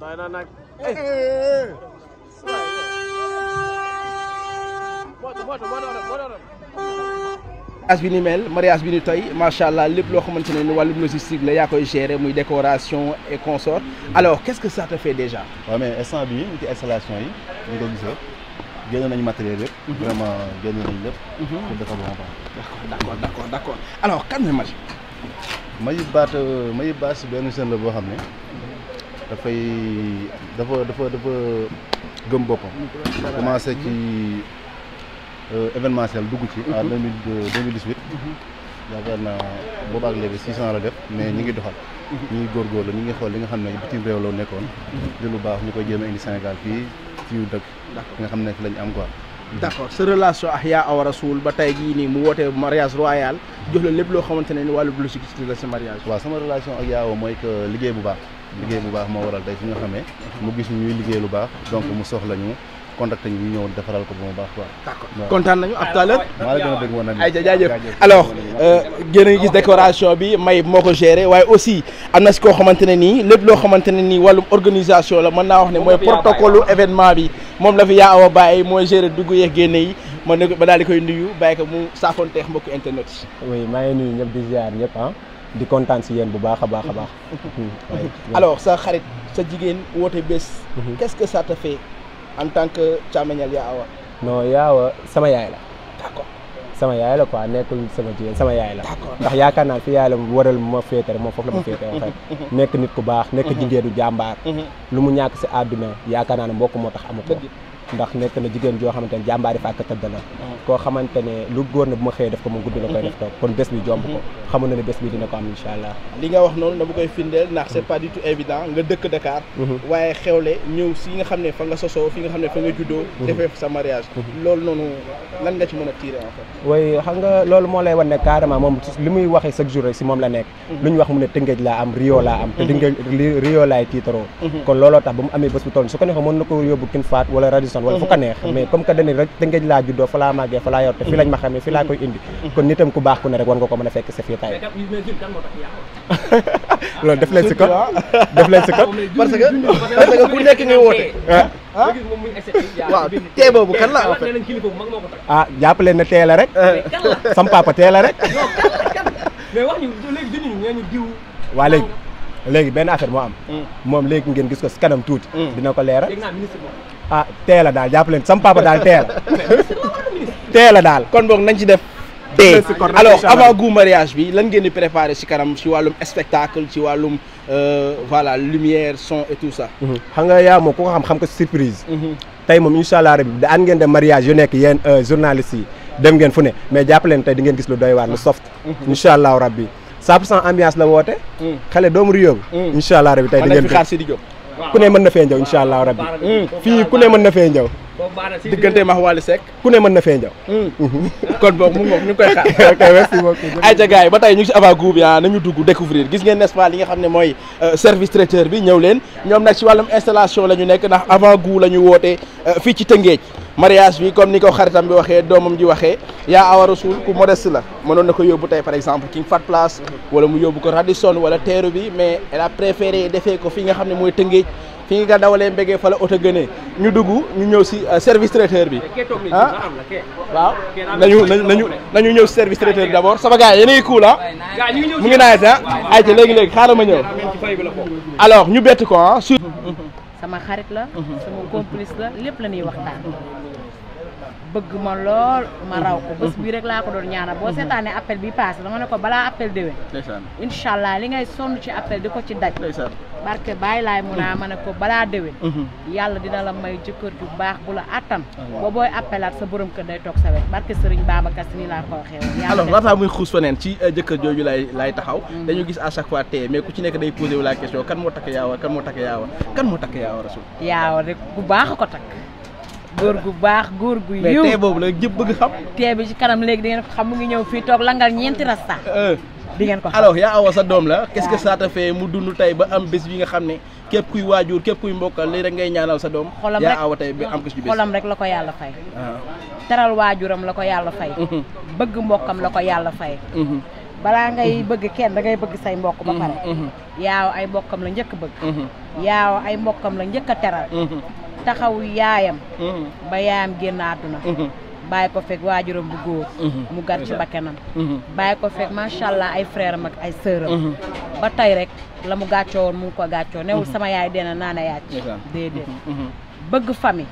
doy na nag. mariage bi ni mel mariage bi ni tey macha allah lépp loo xamante ne ni wàllum logistique la yaa koy gérer muy décoration et consort alors qu'est-ce te fait déjà. waaw mais instant bii ñu ci installation yi ñu ko gisee génn nañu matériel yëpp. Mhm. vraiment génn nañu lépp. Mhm. pour defar ba mu baax. d'accord d'accord d'accord alors kan mooy Maggi. Mayib Baat euh, Mayib Baat benn seen la boo xam ne dafay dafa dafa dafa gëm boppam. commencé ci euh, événementiel dugg ci. en mhm. deux mille deux mille dix huit. Mhm. yaakaar naa boobaak léegi six cent la def mais ñu ngi doxal. góor mhm. ngi góorgóorlu ñi ngi xool li nga xam ne bitim réew la nekkoon. di lu baax ñu koy jéem a indi Sénégal fii fii dëkk. nga xam ne fi lañ am quoi. d'accord sa relation ak yaa awa ba tey jii nii mu wootee mariage royal jox la lépp loo xamante ne ni wàllu logistique la sa mooy que liggéey bu baax liggéey bu baax moo waral tey liggéey lu baax donc soxla ñu contacté ñu ñëw defaral ko bu mu baax quoi d'accord kontaan nañu ak a bëgg woon ay jaajëf alors euh, décoration bi may moo ko géré waaye aussi am na koo xamante ne nii lépp loo xamante ne nii wàllum organisation la mën naa wax ne mooy protocole événement bi moom la fi yaa awa bàyyi mooy gérer dugg yeeg génne yi ma ne ba daal di koy nuyu bàyyi ko mu saafonteex mbokk internet yi. oui maa ngi nuyu ñëpp di ziar ñëpp ah di kontaan si yéen bu baax a baax a baax. Hmm, alors sa xarit sa jigéen woote bés. Mhm. est ce que ça te fait en tant que càmmeñal yaa awa. non yaa awa sama yaay la d'accord. sama yaay la quoi nekkul sama jigéen sama yaay la ndax yaakaar naa fi yaay la waral ma féete rek moom foofu la ma féete en fait nekk nit ku baax nekk mhm. jigéenu jàmbaar mhm. lu mu ñàkk si àdduna yaakaar naa ne mbokk moo tax amu ko ndax nekk na jigéen joo xamante ne jàmbaari fàkk tëdd la mm. koo xamante ne lu góor na bu ma xëyee def ko moom guddi la koy def toog kon bés bi jomb ko mm-hmm. xamu na ne bés bi dina ko am nga mm-hmm. waaye xam ne fa nga fi nga xam ne fa nga juddoo mm-hmm. defee sa mariage loolu noonu lan moo lay wan ne carrément moom li muy waxee chaque jour rek si moom la nekk lu ñu wax mu ne tëngéej laa am rio laa am te rio laay tiitaroo kon looloo tax ba mu amee bés bu toll su ko neexee mën na ko yóbbu kin faat wala radio Boston wala fu ko neex mm-hmm. mais comme que dañu rek Tëngéej laa juddoo fa laa màggee fa laa yor te fii lañ ma xamee fii laa mm-hmm. koy indi mm-hmm. kon nitam ku baax ku ne rek war nga sa fii tay loolu def leen si ko ah. def leen si la ah jàppale na tee la rek ah. sam papa tee la rek waa léegi léegi moo am mm. moom ngeen gis ko si kanam tuuti mm. dina ko leeral ah teel a daal jàpp leen sam papa daal teel teel daal kon boog nañ ci def tey alors avant gu mariage bi lan ngeen di préparer si kanam si wàllum spectacle ci wàllum euh, voilà lumière son et tout ça mhm. xam nga yaa moom ku ko xam xam ko surprise mhm. tey moom incha allah rabi daan ngeen dem mariage yu nekk yéen euh, journalistes yi dem ngeen fu ne mais jàpp di ngeen gis lu doy waar lu soft mhm. incha allahu rabbi 100 pour cent ambiance la woote xale doomu réew bi incha allah rabi tey di ngeen xaar si di ku ne mën na fee ñëw incha allah rabbi hmm. fii ku ne mën na fee ñëw diggante max Wally Seck ku ne mën na fee hmm. Hmm. kon boog mu ñu koy xaar ay ca yi ba tey ñu ngi si avant groupe ya ah, nañu dugg découvrir gis ngeen nest li nga xam ne mooy euh, service traiteur bi ñëw leen ñoom nag si wàllum installation la ñu nekk ndax avant goût la ñu woote euh, fii ci Tëngéej mariage bi comme ni ko xaritam bi waxee doomam ji waxee yaa awa rasul ku modeste la mënoon na ko yóbbu tey par exemple King Fahd Palace wala mu yóbbu ko Radisson wala teeru bi mais elle a préféré defee ko fi nga xam ne mooy Tëngéej fi nga dawalee mbégee fa la oto gënee ñu dugg ñu ñëw si euh, service traiteur bi ah waaw nañu nañu nañu ñëw si service traiteur bi d'abord sama gars yéen a ngi cool ah mu ngi naaj ah ayca léegi-léegi xaaral ma ñëw alors ñu bett ko ah sama xarit la mhm. sama complice la lépp la ñuy waxtaan bëgg ma lool ma raw ko bés bii rek laa ko doon ñaanal boo seetaanee appel bi passé dama ne ko balaa appel déwén incha allah li ngay sonn ci appel di ko ci daj barke bàyyi laay mun a ma ne ko balaa déwén mhm. yàlla dina la may jëkkër ju baax bu la attan ba booy appelaat sa borom kër day toog sa wet barke sëriñ Babacar Si nii laa ko waxee alors laataa muy xuus faneen ci euh, jëkkër jooju lay laay taxaw mhm. dañu gis à chaque fois tey mais ci nekk day posé wu moo takk yaawa kan moo takk yaawa kan moo takk yaawa rasul bu baax ko takk góor gu baax góor gu yiw mais boobu la ñëpp bëgg xam. tee bi ci kanam léegi di ngeen ko xam mu ngi ñëw fii toog langal ñeenti rasta. Euh. di ngeen ko xam alors yaa awa la. qu'est-ce que ça te mu dund tey ba am bés bi nga xam ne képp kuy waajur képp kuy mbokkal lii rek ngay ñaanal sa doom. xolam rek yaa awa tey ba am la ko yàlla fay. Ah. teral waajuram la ko yàlla fay. Mm-hmm. bëgg mbokkam la ko yàlla fay. Mm-hmm. balaa ngay bëgg kenn da ngay bëgg say mbokk ba pare. Mm-hmm. yaaw ay mbokkam la njëkk bëgg. yaaw ay mbokkam la njëkk a teral taxawu yaayam mhm. ba yaayam génn àdduna mhm. bàyyi ko fekk waajuram bu góor mhm. mu gar ci bakkanam bàyyi ko fekk macha allah ay frère am ak ay sœur ba tey rek la mu gàccoo woon mu ko gàccoo newul sama yaay dina naan a yàcc déedéet bëgg famille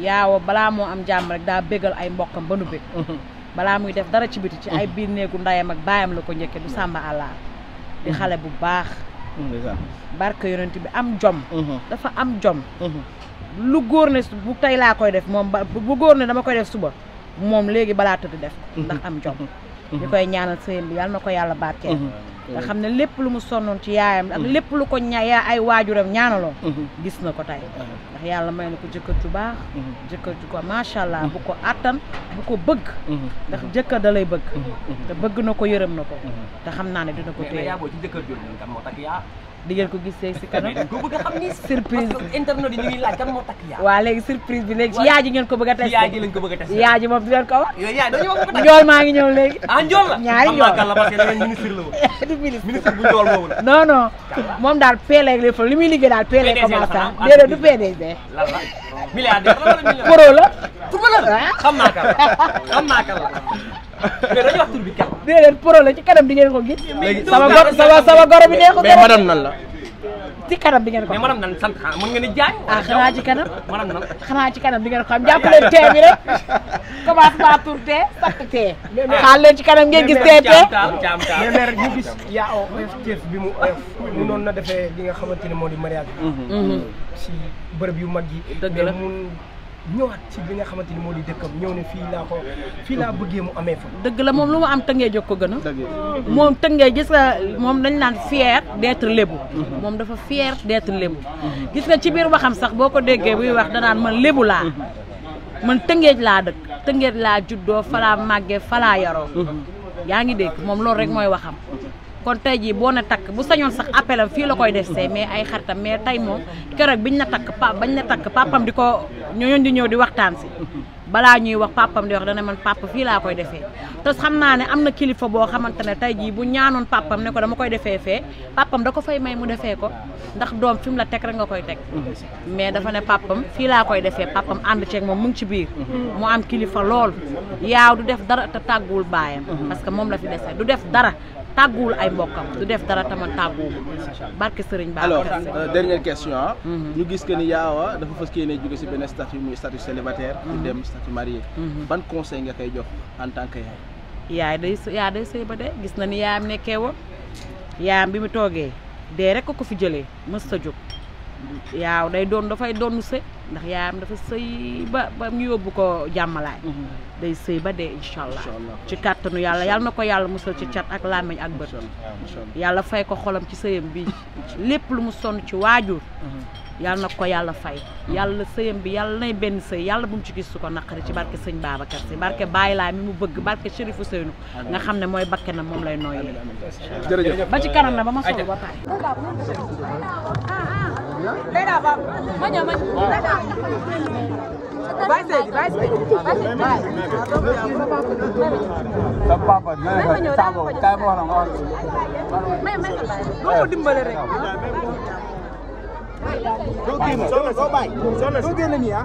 yaaw balaa moo am jàmm rek daa bëggal ay mbokkam ba nu bég balaa muy def dara ci biti ci ay biir néegu ndeyam ak baayam la ko njëkke du sàmba àllaa di xale bu baax barke yonent bi am jom dafa am jom lu góor ne bu tey laa koy def moom ba bu góor ne dama koy def suba moom léegi balaa tëdd def ndax am jom ñu koy ñaanal sëyam bi yàlla na ko yàlla barkeel mhm. nga xam ne lépp lu mu sonnoon ci yaayam ak mhm. lépp lu ko ña yaa ay waajuram ñaanaloon mhm. gis na ko tay ndax yàlla may na ko jëkkër ju baax jëkkër ju ko macha allah bu ko àttan bu ko bëgg ndax jëkkër da lay bëgg te bëgg na ko yërëm na ko te xam naa ne dina ko téye yaa jëkkër ju moo di ngeen ko gisee si kanam. ku bëgg a xam ni surprise internet yi ñu ngi laaj moo takk yaa. waaw léegi surprise bi léegi si yaay ji ko bëgg a testé. yaay ji lañ bëgg a testé yaay ji moom di leen ko wax. yooyu yaay dañu wax maa ngi ñëw léegi. ah ñaari njool la woon. du ministre ministre bu la. non moom daal PLA e li muy liggéey daal PLA e commencé am. Ah, déedéet du PDG. la milliardaire la wala milliardaire. pro la. Ah. xam la mais dañuy wax tur bi kenn. dee leen pro la ci kanam di ngeen ko gis. sama goro bi nee ko. mais madame nan la. ci kanam di ko mais madame sant xanaa ah, mën ngeen di jaay. ah xanaa ci kanam. madame xanaa ci kanam di ngeen ko xam jàpp leen tee bi rek. commencement tur tee sakk tee. ci kanam ngeen gi tee tee. mais mère bi mu oyof. noonu na defee li nga xamante ne moo di mariage bi. Mm-hmm. si yu mag yi. dëgg la ñëwaat ci li nga xamante ni moo di dëkkam ñëw ne fii laa ko fii laa bëggee mu amee fa. dëgg la moom lu ma am tëngee jox ko gën moom tëngee gis nga moom dañ naan fier d'être lébu. Mhm. moom dafa fier d'être lébu. gis nga ci biir waxam sax boo ko déggee buy wax danaan man léebu laa. Mhm. man tëngeej laa dëkk tëngeej laa juddoo falaa màggee falaa yaroo mhm. yaa ngi dégg moom loolu rek mooy waxam kon tey jii boo na takk bu sañoon sax appelam fii la koy desee mais ay xaritam mais tey moom bi biñ na takk pa bañ na takk papam di ko ñooñu di ñëw di waxtaan si balaa ñuy wax papam di wax dana man papa fii laa koy defee te xam naa ne am na kilifa boo xamante ne tey jii bu ñaanoon papam ne ko dama koy defee fee papam da fay may mu defee ko ndax doom fi mu la teg rek nga koy teg mais dafa ne papam fii laa koy defee papam ànd ceeg moom mu ngi ci biir mu am kilifa lool yaaw du def dara te tàgguwul baayam parce que moom la fi desee du def dara tàgguwul ay mbokkam du def dara tamit tàgguwul barke Sëriñ Ba. alors euh, dernière question ah. ñu gis que ni Yaawa dafa fas yéene jóge si benn statut muy statut célibataire pour mhm. dem statut marié. Mhm. ban conseil nga koy jox en tant que yaay. yaay day yaa day sëy ba de gis na ni yaayam nekkee woon yaayam bi mu toogee dee rek ko ko fi jëlee mës sa jóg. yaaw day doon dafay donn sëy ndax yaayam dafa sëy ba ba ñu yóbbu ko jàmmalaay mhm. day sëy ba dee incha allah ci kàttanu yàlla yàlla na ko yàlla musal ci cat ak làmmiñ ak bët yàlla fay ko xolam ci sëyam bi lépp lu mu sonn ci waajur mhm. yàlla na ko yàlla fay mhm. yàlla sëyam bi yàlla nay benn sëy yàlla bu mu ci gis ko naqari ci barke sëñ Babacar si barke Baye Laay mi mu bëgg barke Chérifou Seynou nga xam ne mooy na moom lay nooyee ba ci kanam na ba ma solo ba taay naira ba manya manya Vai Sede, vai Sede. Vai Sede, vai. Sa papa, dina ko tabo, kay mo na ngon. May may ka ba? Do ko dimbale rek. Do tim, so so bay. So na. Do gene ni ah.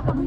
Hey!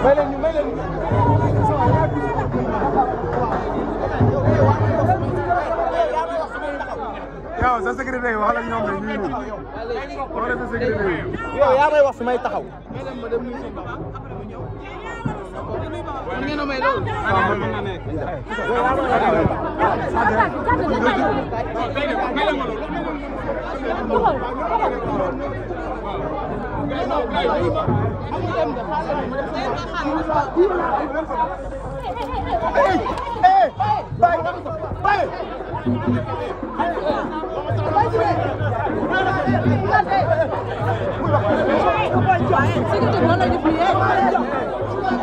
yow sa secrétaire wax la ñoom rek ñu ngi wala sa secrétaire. yow yaa may wax fi may taxaw. waaw. Hey, hey, hey,